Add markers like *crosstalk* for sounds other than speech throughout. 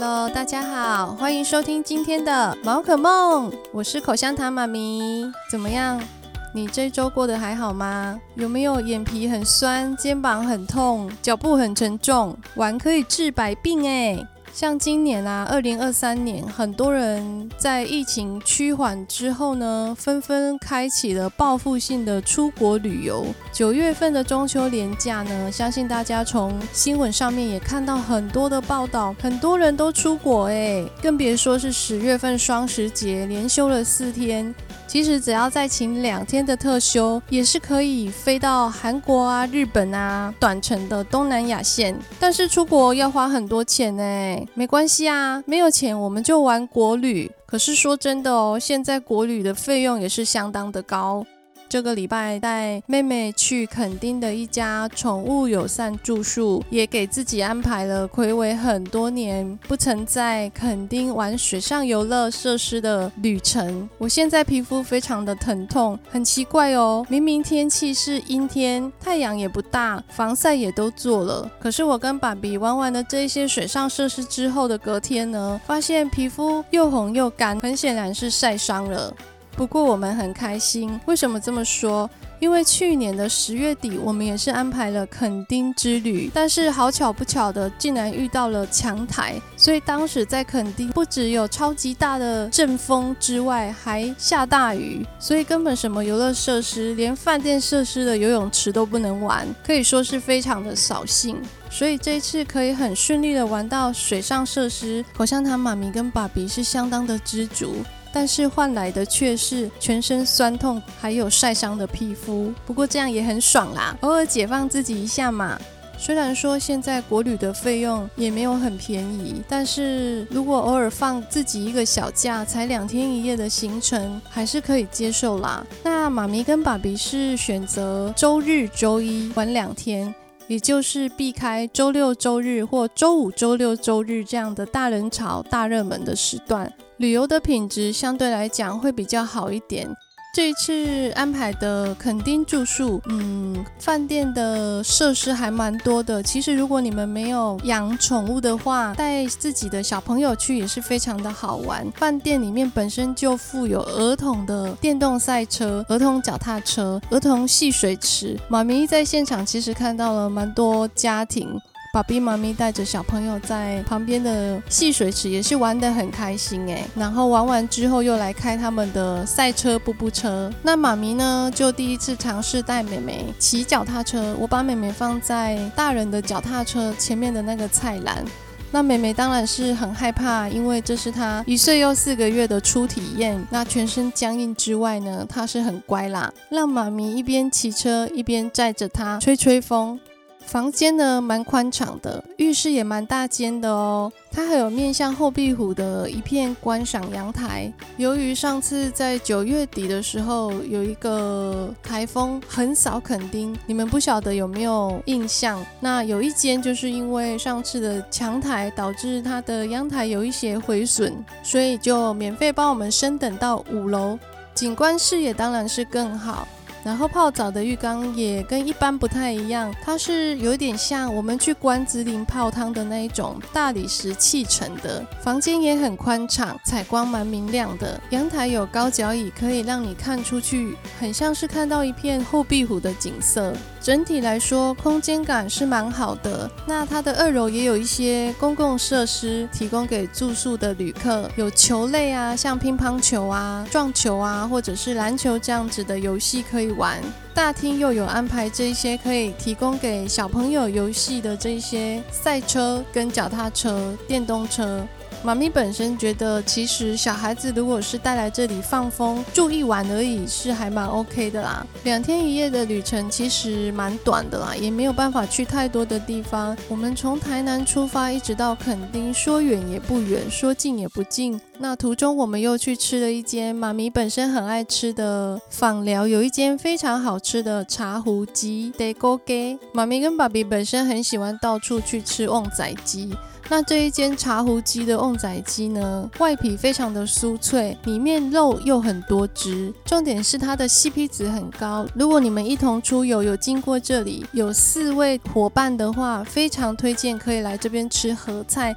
Hello，大家好，歡迎收聽今天的《毛可夢》，我是口香糖媽咪。怎麼樣？你這周過得還好嗎？有沒有眼皮很酸、肩膀很痛、腳步很沉重？玩可以治百病誒。像今年啊，二零二三年，很多人在疫情趨緩之後呢，紛紛開啟了報復性的出國旅遊。九月份的中秋連假呢，相信大家從新聞上面也看到很多的報道，很多人都出國誒、欸，更別說是十月份雙十節連休了四天。其實只要再請兩天的特休，也是可以飛到韓國啊、日本啊、短程的東南亞線。但是出國要花很多錢欸，沒關係啊，沒有錢我們就玩國旅。可是說真的哦，現在國旅的費用也是相當的高。這個禮拜帶妹妹去墾丁的一家寵物友善住宿，也給自己安排了睽違很多年不曾在墾丁玩水上遊樂設施的旅程。我現在皮膚非常的疼痛，很奇怪哦，明明天氣是陰天，太陽也不大，防曬也都做了，可是我跟爸比玩完了這些水上設施之後的隔天呢，發現皮膚又紅又乾，很顯然是曬傷了。不過我們很開心，為什麼這麼說？因為去年的十月底，我們也是安排了墾丁之旅，但是好巧不巧的，竟然遇到了強台，所以當時在墾丁不只有超級大的陣風之外，還下大雨，所以根本什麼遊樂設施，連飯店設施的游泳池都不能玩，可以說是非常的掃興。所以這一次可以很順利的玩到水上設施，好像他媽咪跟爸比是相當的知足。但是換來的卻是全身酸痛，還有曬傷的皮膚。不過這樣也很爽啦，偶爾解放自己一下嘛。雖然說現在國旅的費用也沒有很便宜，但是如果偶爾放自己一個小假，才兩天一夜的行程還是可以接受啦。那媽咪跟爸比是選擇周日、周一玩兩天，也就是避開周六、周日或周五、周六、周日這樣的大人潮、大熱門的時段。旅游的品質相對來講會比較好一點。這一次安排的墾丁住宿，嗯，飯店的設施還蠻多的。其實如果你們沒有養寵物的話，帶自己的小朋友去也是非常的好玩。飯店裡面本身就附有兒童的電動賽車、兒童腳踏車、兒童戲水池。媽咪在現場其實看到了蠻多家庭。爸比媽咪帶着小朋友在旁邊的戲水池也是玩得很開心，然後玩完之後又來開他們的賽車步步車。那媽咪呢就第一次嘗試帶妹妹騎腳踏車，我把妹妹放在大人的腳踏車前面的那個菜籃，那妹妹當然是很害怕，因為這是她一歲又四個月的初體驗。那全身僵硬之外呢，她是很乖啦，讓媽咪一邊騎車一邊載着她吹吹風。房間呢，蠻寬敞的，浴室也蠻大間的哦。它還有面向後壁湖的一片觀賞陽台。由於上次在九月底的時候有一個颱風橫掃墾丁，你們不曉得有沒有印象？那有一間就是因為上次的強颱導致它的陽台有一些毀損，所以就免費幫我們升等到五樓，景觀視野當然是更好。然後泡澡的浴缸也跟一般不太一樣，它是有點像我們去關子嶺泡湯的那一種大理石砌成的。房間也很寬敞，採光蠻明亮的。陽台有高腳椅，可以讓你看出去，很像是看到一片後壁湖的景色。整體來說，空間感是蠻好的。那它的二樓也有一些公共設施，提供給住宿的旅客，有球類啊，像乒乓球啊、撞球啊，或者是籃球這樣子的遊戲可以玩。大廳又有安排這些可以提供給小朋友遊戲的這些賽車跟腳踏車、電動車。媽咪本身覺得，其實小孩子如果是帶來這裡放風住一晚而已，是還蠻 OK 的啦。兩天一夜的旅程其實蠻短的啦，也沒有辦法去太多的地方。我們從台南出發，一直到墾丁，說遠也不遠，說近也不近。那途中我們又去吃了一間媽咪本身很愛吃的枋寮，有一間非常好吃的茶壺雞。Day 媽咪跟爸比本身很喜歡到處去吃旺仔雞。那這一間茶壺雞的甕仔雞呢，外皮非常的酥脆，裡面肉又很多汁，重點是它的 CP 值很高。如果你們一同出遊有經過這裡，有四位夥伴的話，非常推薦可以來這邊吃合菜。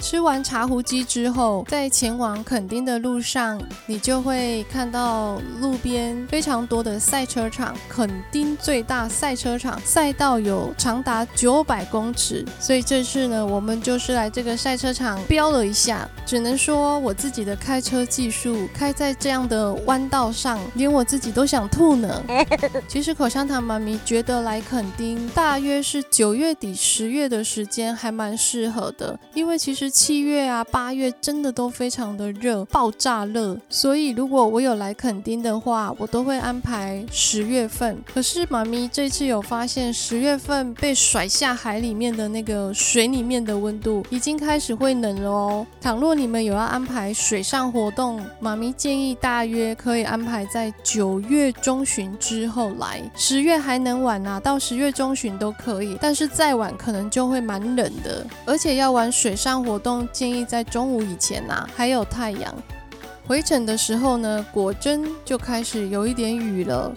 吃完茶壺雞之後，在前往墾丁的路上，你就會看到路邊非常多的賽車場。墾丁最大賽車場賽道有長達九百公尺，所以這次呢，我們就是來這個賽車場飆了一下。只能說我自己的開車技術，開在這樣的彎道上，連我自己都想吐呢。 *laughs* 其實口香糖媽咪覺得來墾丁大約是九月底十月的時間還蠻適合的，因為其實，七月啊，八月真的都非常的熱，爆炸熱。所以如果我有來墾丁的話，我都會安排十月份。可是媽咪這次有發現，十月份被甩下海裡面的那個水裡面的溫度已經開始會冷了哦。倘若你們有要安排水上活動，媽咪建議大約可以安排在九月中旬之後來，十月還能晚啊，到十月中旬都可以。但是再晚可能就會蠻冷的，而且要玩水上活動，動建議在中午以前拿、啊，還有太陽。回程的時候呢，果真就開始有一點雨了。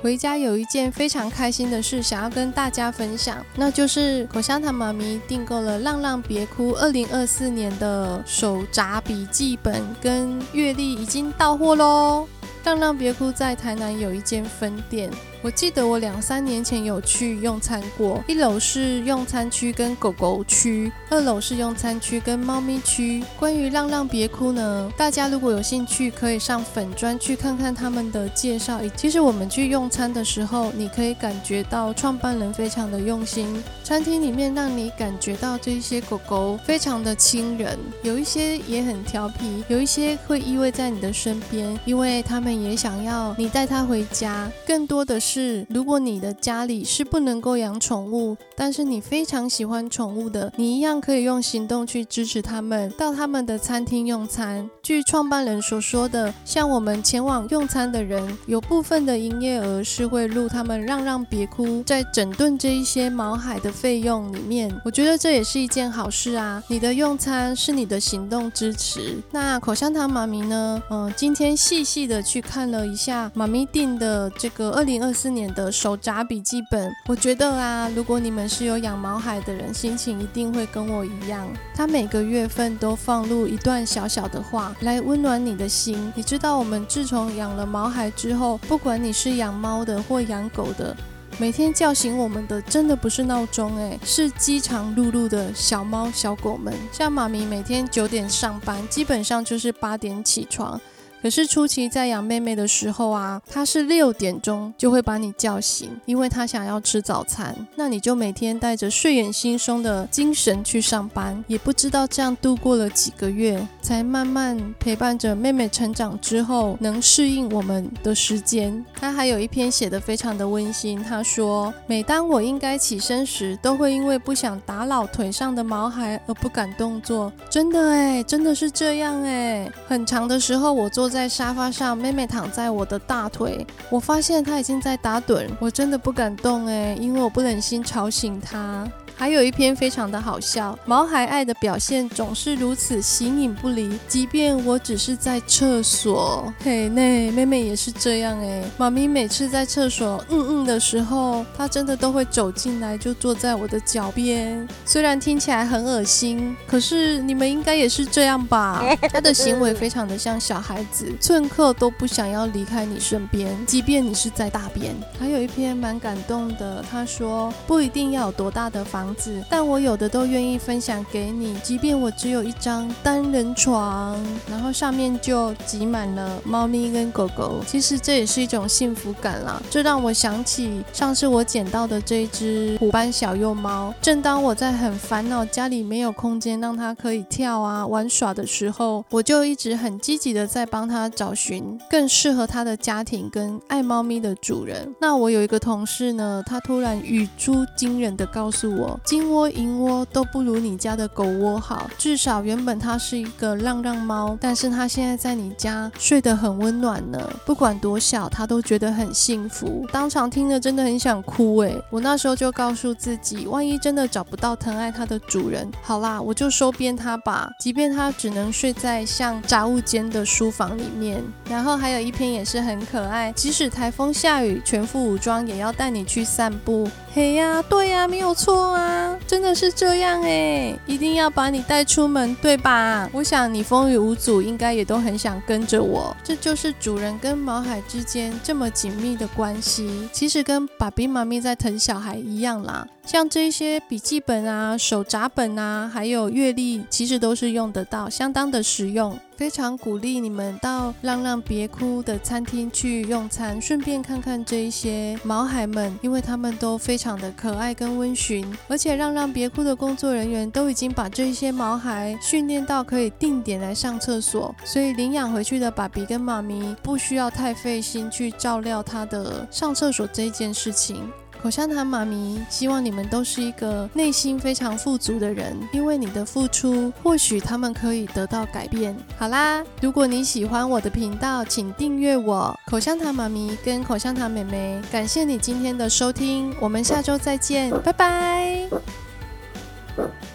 回家有一件非常開心的事，想要跟大家分享，那就是口香糖媽咪訂購了《浪浪別哭》二零二四年的手札筆記本跟月曆已經到貨嘍。浪浪別哭在台南有一間分店。我記得我兩三年前有去用餐過，一樓是用餐區跟狗狗區，二樓是用餐區跟貓咪區。關於“浪浪別哭”呢，大家如果有興趣，可以上粉專去看看他們的介紹。其實我們去用餐的時候，你可以感覺到創辦人非常的用心，餐廳裡面讓你感覺到這些狗狗非常的親人，有一些也很調皮，有一些會依偎在你的身邊，因為他們也想要你帶它回家。更多的是。是，如果你的家裡是不能夠養寵物，但是你非常喜歡寵物的，你一樣可以用行動去支持他們，到他們的餐廳用餐。據創辦人所說的，像我們前往用餐的人，有部分的營業額是會錄他們浪浪別哭，在整頓這一些毛孩的費用裡面，我覺得這也是一件好事啊。你的用餐是你的行動支持。那口香糖媽咪呢？嗯，今天細細的去看了一下媽咪訂的這個2024。四年的手札筆記本，我覺得啊，如果你們是有養毛孩的人，心情一定會跟我一樣。他每個月份都放入一段小小的話，來溫暖你的心。你知道，我們自從養了毛孩之後，不管你是養貓的或養狗的，每天叫醒我們的真的不是鬧鐘，誒，是飢腸轆轆的小貓小狗們。像媽咪每天九點上班，基本上就是八點起床。可是初期在養妹妹的時候啊，她是六點鐘就會把你叫醒，因為她想要吃早餐。那你就每天帶着睡眼惺忪的精神去上班，也不知道這樣度過了幾個月，才慢慢陪伴着妹妹成長之後能適應我們的時間。她還有一篇寫得非常的溫馨，她說，每當我應該起身時，都會因為不想打擾腿上的毛孩而不敢動作。真的哎，真的是這樣哎，很長的時候我坐在沙發上，妹妹躺在我的大腿。我發現她已經在打盹，我真的不敢動欸，因為我不忍心吵醒她。還有一篇非常的好笑，毛孩愛的表現總是如此形影不離，即便我只是在廁所，嘿，那妹妹也是這樣誒、欸，媽咪每次在廁所嗯嗯的時候，她真的都會走進來就坐在我的腳邊，雖然聽起來很噁心，可是你們應該也是這樣吧？ *laughs* 他的行為非常的像小孩子，寸刻都不想要離開你身邊，即便你是在大便。還有一篇蠻感動的，他說不一定要有多大的房子。但我有的都願意分享給你，即便我只有一張單人床，然後上面就擠滿了貓咪跟狗狗。其實這也是一種幸福感啦。這讓我想起上次我撿到的這一隻虎斑小幼貓。正當我在很煩惱家裡沒有空間讓它可以跳啊玩耍的時候，我就一直很積極的在幫它找尋更適合它的家庭跟愛貓咪的主人。那我有一個同事呢，他突然語出驚人的告訴我。金窩銀窩都不如你家的狗窩好，至少原本它是一個浪浪貓，但是它現在在你家睡得很溫暖呢。不管多小，它都覺得很幸福。當場聽了真的很想哭誒、欸。我那時候就告訴自己，萬一真的找不到疼愛它的主人，好啦，我就收編它吧，即便它只能睡在像雜物間的書房裡面。然後還有一篇也是很可愛，即使台風下雨，全副武裝也要帶你去散步。嘿呀、啊，對呀、啊，沒有錯啊。真的是這樣誒，一定要把你帶出門，對吧？我想你風雨無阻，應該也都很想跟着我。這就是主人跟毛孩之間這麼緊密的關係，其實跟爸爸、媽咪在疼小孩一樣啦。像這些筆記本啊、手札本啊，還有月曆，其實都是用得到，相當的實用。非常鼓勵你們到“浪浪別哭”的餐廳去用餐，順便看看這一些毛孩們，因為他們都非常的可愛跟溫馴，而且“浪浪別哭”的工作人員都已經把這一些毛孩訓練到可以定點來上廁所，所以領養回去的爸比跟媽咪不需要太費心去照料他的上廁所這件事情。口香糖媽咪，希望你們都是一個內心非常富足的人，因為你的付出，或許他們可以得到改變。好啦，如果你喜歡我的頻道，請訂閱我。口香糖媽咪跟口香糖妹妹，感謝你今天的收聽，我們下週再見，拜拜！ *noise*